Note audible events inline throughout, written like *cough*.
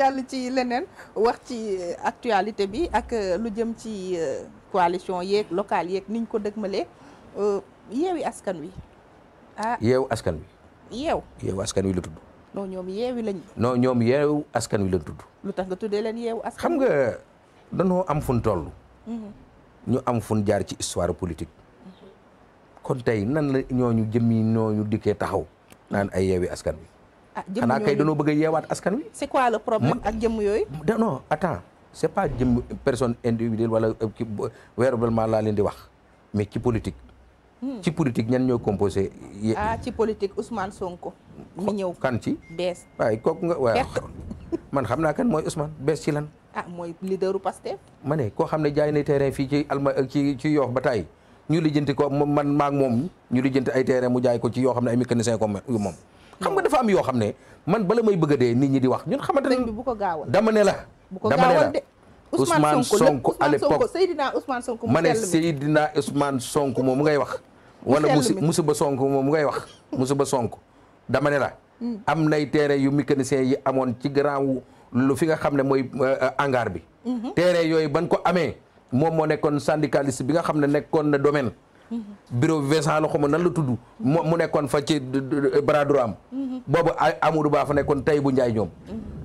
jàll ci leneen wax ci actualité bi ak euh, lu jëm ci euh, coalition yeeg locale yeeg niñ ko dëgmalee euh, yeewi askan wi ah yeewu askan wi yeew yeewu askan wi la tudd non ñoom yeewi lañ noo ñoom yeewu askan wi lañ tudd lu tax nga tuddee leen yeewu askan xam nga danoo am fun toll mhm. ñu am fun jaar ci histoire politique mhm. kon tey nan la ñooñu jëmmi ñu dikkee taxaw naan ay yeewi askan wi Ah, xanaa kay dañoo bëgg a yeewaat askan wi. c'est quoi le problème ak jëmm yooyu. non attends c'est pas jëmm personne individuelle wala euh, ki véritablement laa leen di wax mais ci politique. Hmm. ci politique ñan ñëw composé. ah ci politique Ousmane Sonko. mi ñëw kan ci bees. waaye kooku nga waaw *laughs* man xam naa kan mooy Ousmane bees ci lan. a ah, mooy leaderu Pastef. ma ne koo xam ne jaay na terrain fii ci alma ci ci yoox ba tàyyi ñu lijjanti ko man maag moom ñu lijjanti ay terrain mu jaay ko ci yoo xam ne ay mécanicien ko moom. xam nga dafa am yoo xam ne man bala may bëgg a dee nit ñi di wax ñun xamante ne bu ko gaawal dama ne la dama ne la Ousmane Sonko à l'époque Seydina Ousmane Sonko ma ne Seydina Ousmane moom mu ngay wax wala musi musiba sonk moom mu ngay wax musiba Sonko dama ne la hmm. am nay terrain yu mécanicien yi amoon ci grand lu fi nga xam ne mooy euh, euh, hangar bi hmm. terrain yooyu ban ko amee moom moo nekkoon syndicaliste bi nga xam ne nekkoon na domaine bureau bi Vincent la xaw ma nan la tudd. mu nekkoon fa ci bras am. boobu Amadou Ba fa nekkoon tey bu Ndiaye ñoom.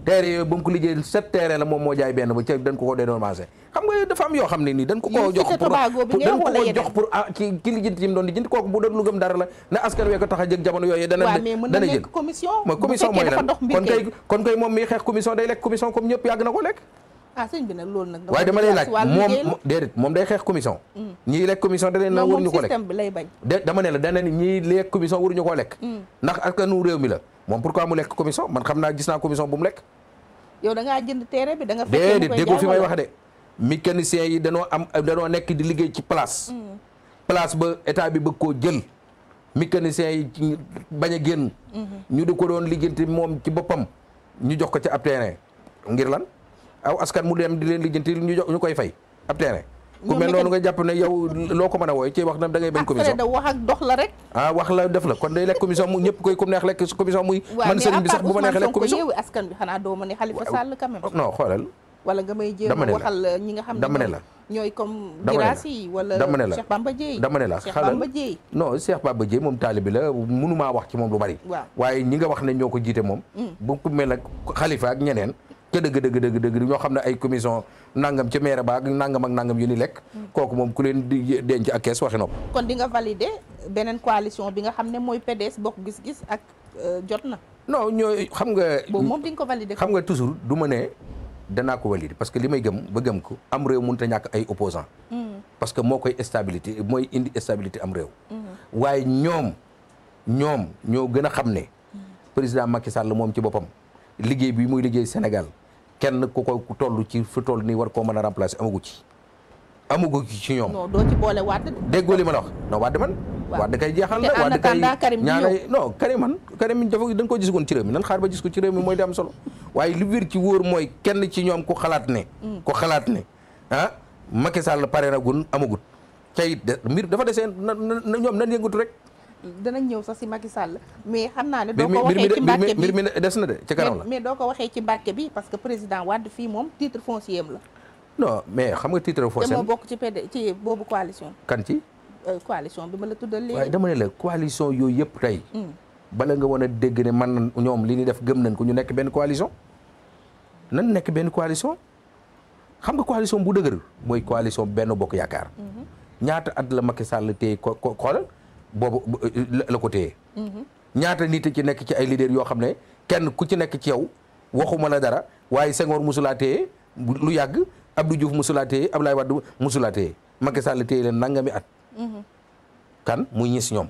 terre yooyu ba mu ko liggéeyal sept terre la moom moo jaay benn ba ca dañ ko ko dédommagé xam nga dafa am yoo xam ne ah, bu doon lu dara la ne askan wee tax a jëg jamono yooyu dana dana jëg commission mooy commission mooy lan kon kay moom mi xeex commission day lekk commission comme ñëpp yàgg na ko lekk ah sëñ bi nag loolu nag. waaye dama lay laaj moom déedéet moom day xeex commission. Mm. ñii lekk commission da leen na waruñu ko lekk système bi lay bañ. de dama lekk commission waruñu koo lekk. Mm. ndax réew mi la moom pourquoi mu lekk commission man xam naa gis naa commission bu mu lekk. yow da ngaa jënd bi da nga. fekkee mu fi may wax de mécanicien yi danoo am danoo nekk di liggéey ci place. Mm. place ba état bi bëgg koo jël. mécanicien yi bañ a génn. Mm-hmm. ñu di ko doon liggéeyante moom ci boppam. ñu jox ko ci ab terrain ngir lan. aw askan mu dem di leen lijjanti ñu ñu koy fay ab terrain ku noonu nga jàpp ne yow loo ko mën a wooy ci wax na da ngay bañ commission da wax ak dox la rek ah wax la def la kon mu ñëpp koy commission muy man sëriñ bi sax bu ma ne oh, a waxal ñi la ñooy comme Guirassy yi wala dama ne la Cheikh Bamba Dieye dama la Cheikh Bamba moom taalibi la mënumaa wax ci moom lu bari waaye ñi nga wax ne ñoo ko jiite moom mm. bu ku mel ak ak ñeneen ca dëgg dëgg dëgg dëgg ñoo xam ne ay commission nangam ca maire ba ak nangam ak nangam yu ni lekk mm. kooku moom ku leen di denc ak kees waxi nopp kon di nga valider beneen coalition bi nga xam ne mooy PDS bokk gis-gis ak euh, jot na no ñooy xam nga moom di nga ko valider xam nga toujours du ma ne danaa ko valider parce que li may gëm ba gëm ko am réew mënut a ñàkk ay opposant mm. parce que moo koy stabilité mooy indi stabilité am réew mm. waaye ñoom ñoom ñoo gën a xam ne président Macky Sall moom ci boppam liggéey bi muy liggéey Sénégal kenn ku ko ku toll ci fu toll nii war koo mën a remplacer amagu ci amagu ci ñoom. non doo ci boole Wade. déggoo li ma a wax non Wade man. Wade kay jeexal na Wade kay ñaanay non Karim man Karim dafa dañ ko gis woon ci réew mi nan xaar ba gis ko ci réew mi mooy di am solo waaye li ci wóor mooy kenn ci ñoom ku xalaat ne. Mm. ku xalaat ne ah Macky Sall pare na gun amagut. tey it mbir dafa desee na na ñoom nan yëngatu rek. danañ ñëw sax si Macky Sall mais xam naa ne doo ko waxee ci mbàkke bi mbir mi des na de ci kanam la mais doo ko waxee ci parce que président Wade fii moom titre foncier am la non mais xam nga titre foncier te euh, la tuddal la coalition yooyu yëpp tey hmm. bala nga wan a dégg ne man ñoom li ñu def gëm nañ ko ñu nekk benn coalition nan nekk benn coalition xam nga coalition bu dëgër mooy coalition benn bokk yaakaar hmm. ñaata at la Macky Sall tey ko xoolal boobu euh, la ko téye. Mm-hmm. ñaata nit ci nekk ci ay leader yoo xam ne kenn ku ci nekk ci yow waxuma la dara waaye Senghor musulaa téye lu yàgg Abdou Diouf musulaa téye Abdoulaye Wade musulaa téye Macky Sall téye leen nangami at. Mm-hmm. kan mu ñis ñoom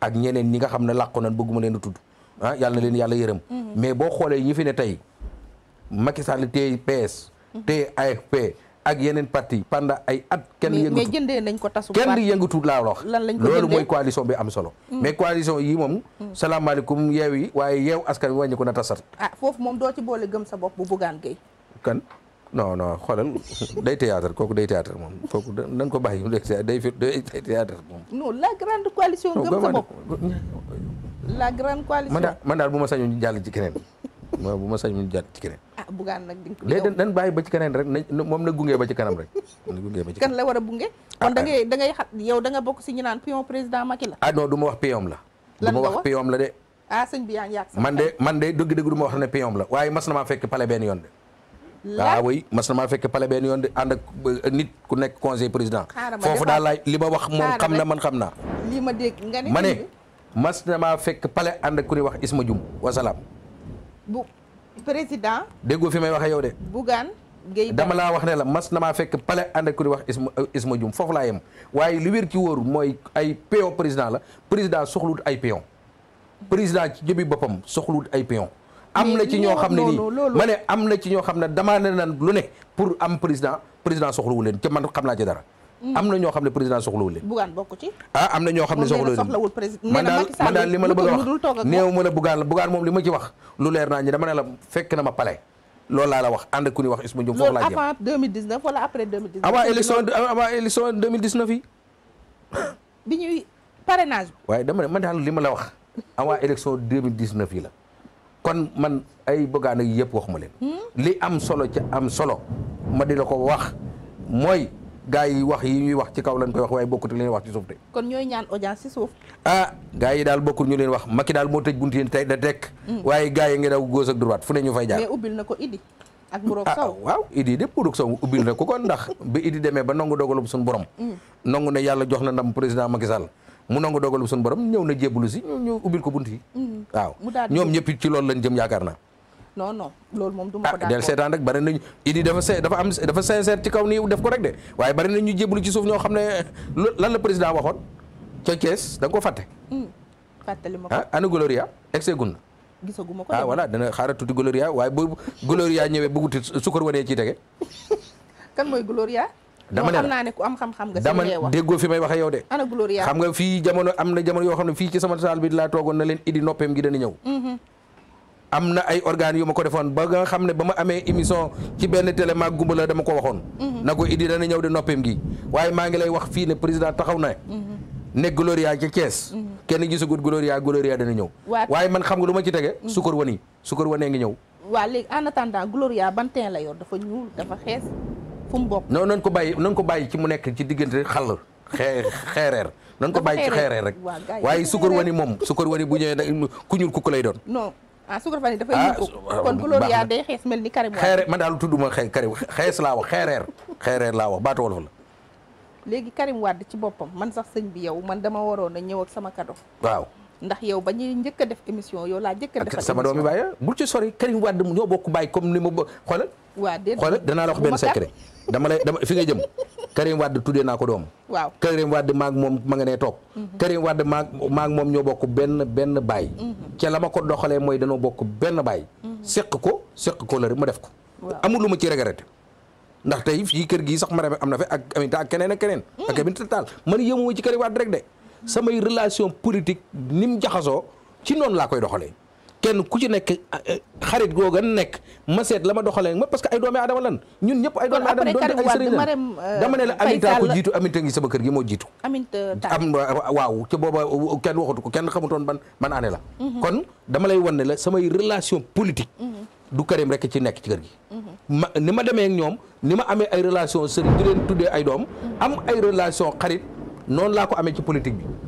ak ñeneen ñi nga xam ne làqu nañ bëgguma leen a tudd ah yàlla na leen yàlla yërëm. Mm-hmm. mais boo xoolee ñi fi ne tey Macky Sall téye PS. téye ak yeneen parti pendant ay at kenn yëngatu mais nañ ko tasu kenn yëngatu laa wax loolu mooy coalition bi am solo hmm. mais coalition yi moom hmm. salaamaaleykum yeew yi waaye yeew askan wi wàññi ko na tasar ah foofu moom doo ci boole gëm sa bopp bu buggaan gay kan non non xoolal day théâtre kooku day théâtre moom kooku nañ ko bàyyi day fi day théâtre moom non la grande coalition gëm sa bopp la grande coalition man daal bu ma sañoon jàll keneen ma bu ma sañ mu jaat ci keneen. ah bugaan nag di léegi ci keneen rek nañ moom na gunge ba ci kanam rek. na kan la a gunge. Ah, kon da ah. ngay da ngay xa yow da nga bokk si ñu naan pion président Macky la. Ah, ma wax pion la. lan du ma wax pion la de. bi yaa ngi man de man de dëgg-dëgg du ma wax ne pion la waaye mas na maa fekk pale benn yoon de. waaw fekk pale benn yoon de ànd nit ku nekk conseil président. foofu daal laay li ma wax moom xam na man xam naa. li ma dégg nga ne ma mas na maa fekk pale ànd ak ku ñuy wax Isma Dioum wasalaam bu président. déggoo fi may waxe yow de. Bougane Gueye dama laa wax ne la mas na maa fekk pale ànd ak ku di wax Isma euh, Isma Dioum foofu laa yem waaye li wér ci wóorul mooy ay peon président la président soxlut ay peon. président ci jëbi boppam soxlut ay peon. am na ci ñoo xam ne nii ma ne am na ci ñoo xam ne damaa ne nan lu ne pour am président président soxluwu leen ca man xam naa ci dara. am na ñoo xam ne président soxlawul leen. Ah, am na ñoo xam ne soxlawul leen man daal man la a wax néew ma la ma ci wax lu leer naa ñi dama ne la fekk ku wax Isma Diop foofu laa jëm avant 2019 wala élection yi. waaye dama ne man daal li ma la wax avant élection 2019 yi la kon man ay bëggaan ak wax waxuma leen. Hmm? li am solo ci am solo ma di la ko wax mooy. gaa yi wax yi wax ci kaw lañ koy wax waaye bokkut li ñuy wax ci suuf de. kon ñooy ñaan audience ci suuf. ah gaa yi daal bokkul ñu leen wax Macky daal moo tëj bunt yi tey da tekk. Mm. waaye gaa yi nga daw góos ak droite fu ne ñu fay jaar. mais ubbil na ko Idi. ak Mburoog ah, Sow waaw Idi de ubbil na ko kon ndax bi Idi demee ba nangu dogalub suñu borom. Mm. nangu ne yàlla jox na ndam président Macky Sall. mu nangu dogalub suñu borom ñëw na jébbalu si ñu ubbil ko bunt yi. Mm. waaw ñoom ñëpp ci loolu lañ jëm yaakaar naa non non loolu moom du ma ah, ko d'accord seetaan rek bari nañu idi dafa see dafa am dafa sincère ci kaw nii def ko rek de waaye bari nañu jébbalu ci suuf ñoo xam ne lan la président waxoon ca Thiès da nga ko fàtte hmm, fàttali ma ko ah, ana Gloria egsee gun na gisaguma ko ah dana xaaral tuuti Gloria waaye bu Gloria ñëwee bëggu tuuti sukkar wanee ciy tege *laughs* kan mooy Gloria dama ne xam naa ne ku xam-xam nga dama déggoo fi may waxe yow de ana Gloria xam nga fii jamono am na jamono yoo xam ne fii ci sama saal bi laa toogoon na leen idi noppeem gi dana ñëw hmm, hmm. am na ay organes yu ma ko defoon ba nga xam ne ba ma amee émission ci benn télé maag gumba la dama ko waxoon mhm. na ko idi dana ñëw di noppeem gi waaye maa ngi lay wax fii ne président taxaw na mhm. ne Gloria ca Thiès mhm. kenn gisagut Gloria Gloria dana ñëw waaye man xam nga lu ma ci tege sukar wani sukar wanee ngi ñëw waaw léegi en attendant Gloria ban teen la yor dafa ñuul dafa xees fu mu bokk non nañ ko bàyyi nañ ko bàyyi ci mu nekk ci diggante xàll xeereer nañ ko bàyyi ci xeereer rek waaye sukar wani moom sukar wani bu ñëwee ku ñuul kukk lay doon ah sukar fan yi dafay ah, yëngu ah, kon gloria day xees mel ni Karim xeere man daal tudduma xee Karim xees laa wax xeereer xeereer laa wax baatu wolof la léegi Karim Wade ci boppam man sax sëñ bi yow man dama waroon a ñëw sama kado waaw ndax yow ba ñuy njëkk def émission yow laa jëkk a def sama doomi baay ah, bul ci sori Karim Wade ñoo bokk baay comme ni ma xoolal waaw déedéet xoolal danaa la wax benn secret dama lay dama fi nga jëm *laughs* Karim Wade tuddee naa ko doom. waaw Karim Wade maag moom ma nga nee toog. Mhm. Karim Wade maag maag moom ñoo bokk benn benn baay. Mhm. ca la ma ko doxalee mooy danoo bokk benn baay. Mhm. seq ko seq ko la rek ma def ko. amul lu ma ci regretté. ndax tey fii kër gii sax ma rafet am na fe ak Aminata ak keneen ak keneen. ak Aminata Tall man yëmu ci Karim Wade rek de. samay relation politique ni mu jaxasoo ci noonu laa koy doxalee. kenn ku ci nekk xarit googa nekk ma seet la ma doxalee ma parce que ay doomi aadama lan ñun ñëpp ay doomi aadama doon ay sëriñ lan euh, dama ne la Aminta ko jiitu Aminta ngi sama kër gi moo jiitu am waaw ci booba kenn waxatu ko kenn xamutoon ban man année la mhm. kon dama lay wan ne la samay relation politique mhm. du Karim rek ci nekk ci kër gi mhm. ma ni ma demee ñoom ni ma amee ay relation sëriñ di leen tuddee ay doom am ay relation xarit noonu laa ko amee ci politique bi